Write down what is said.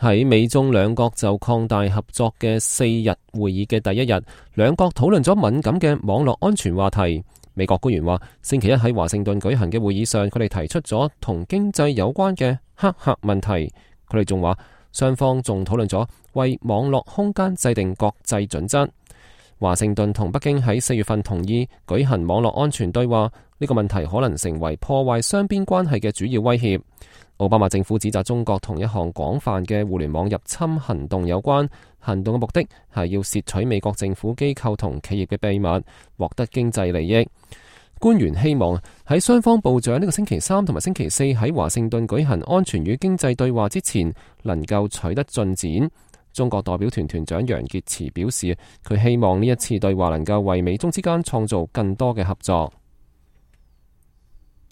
喺美中兩國就擴大合作嘅四日會議嘅第一日，兩國討論咗敏感嘅網絡安全話題。美國官員話，星期一喺華盛頓舉行嘅會議上，佢哋提出咗同經濟有關嘅黑客問題。佢哋仲話，雙方仲討論咗為網絡空間制定國際準則。華盛頓同北京喺四月份同意舉行網絡安全對話。呢個問題可能成為破壞雙邊關係嘅主要威脅。奧巴馬政府指責中國同一項廣泛嘅互聯網入侵行動有關，行動嘅目的係要竊取美國政府機構同企業嘅秘密，獲得經濟利益。官員希望喺雙方部長呢個星期三同埋星期四喺華盛頓舉行安全與經濟對話之前，能夠取得進展。中國代表團團長楊潔篪表示，佢希望呢一次對話能夠為美中之間創造更多嘅合作。